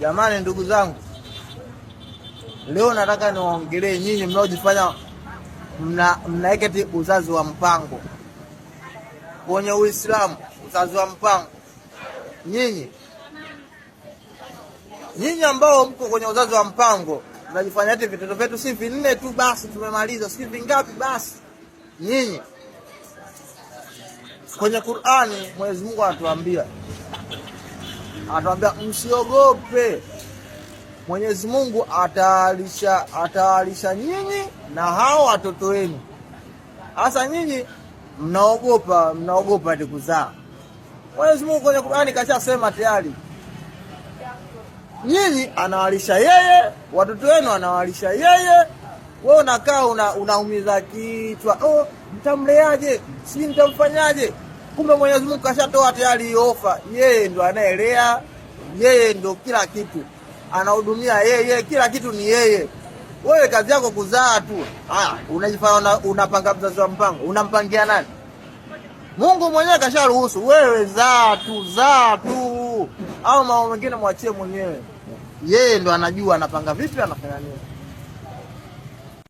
Jamani, ndugu zangu, leo nataka niwaongelee nyinyi mnaojifanya mnaeka mna uzazi wa mpango kwenye Uislamu. Uzazi wa mpango nyinyi nyinyi ambao mko kwenye uzazi wa mpango mnajifanya eti vitoto vyetu si vinne tu basi tumemaliza, si vingapi basi. Nyinyi kwenye Qur'ani Mwenyezi Mungu anatuambia atambia msiogope, Mwenyezi Mungu atawalisha atawalisha nyinyi na hao watoto wenu. Hasa nyinyi mnaogopa, mnaogopa ati kuzaa. Mwenyezi Mungu kwenye Qur'ani kashasema tayari, nyinyi anawalisha yeye, watoto wenu anawalisha yeye. Wewe unakaa unaumiza una kichwa, oh, mtamleaje? Si mtamfanyaje? Kumbe Mwenyezi Mungu kashatoa tayari hiyo ofa. Yeye ndo anaelea, yeye ndo kila kitu anahudumia yeye, kila kitu ni yeye. Wewe kazi yako kuzaa tu. Ah, unajifanya unapanga mzazi wa mpango, unampangia nani? Mungu mwenyewe kasharuhusu. Wewe zaa tu, zaa tu, au mambo mengine mwachie mwenyewe. Yeye ndo anajua anapanga vipi, anafanya nini.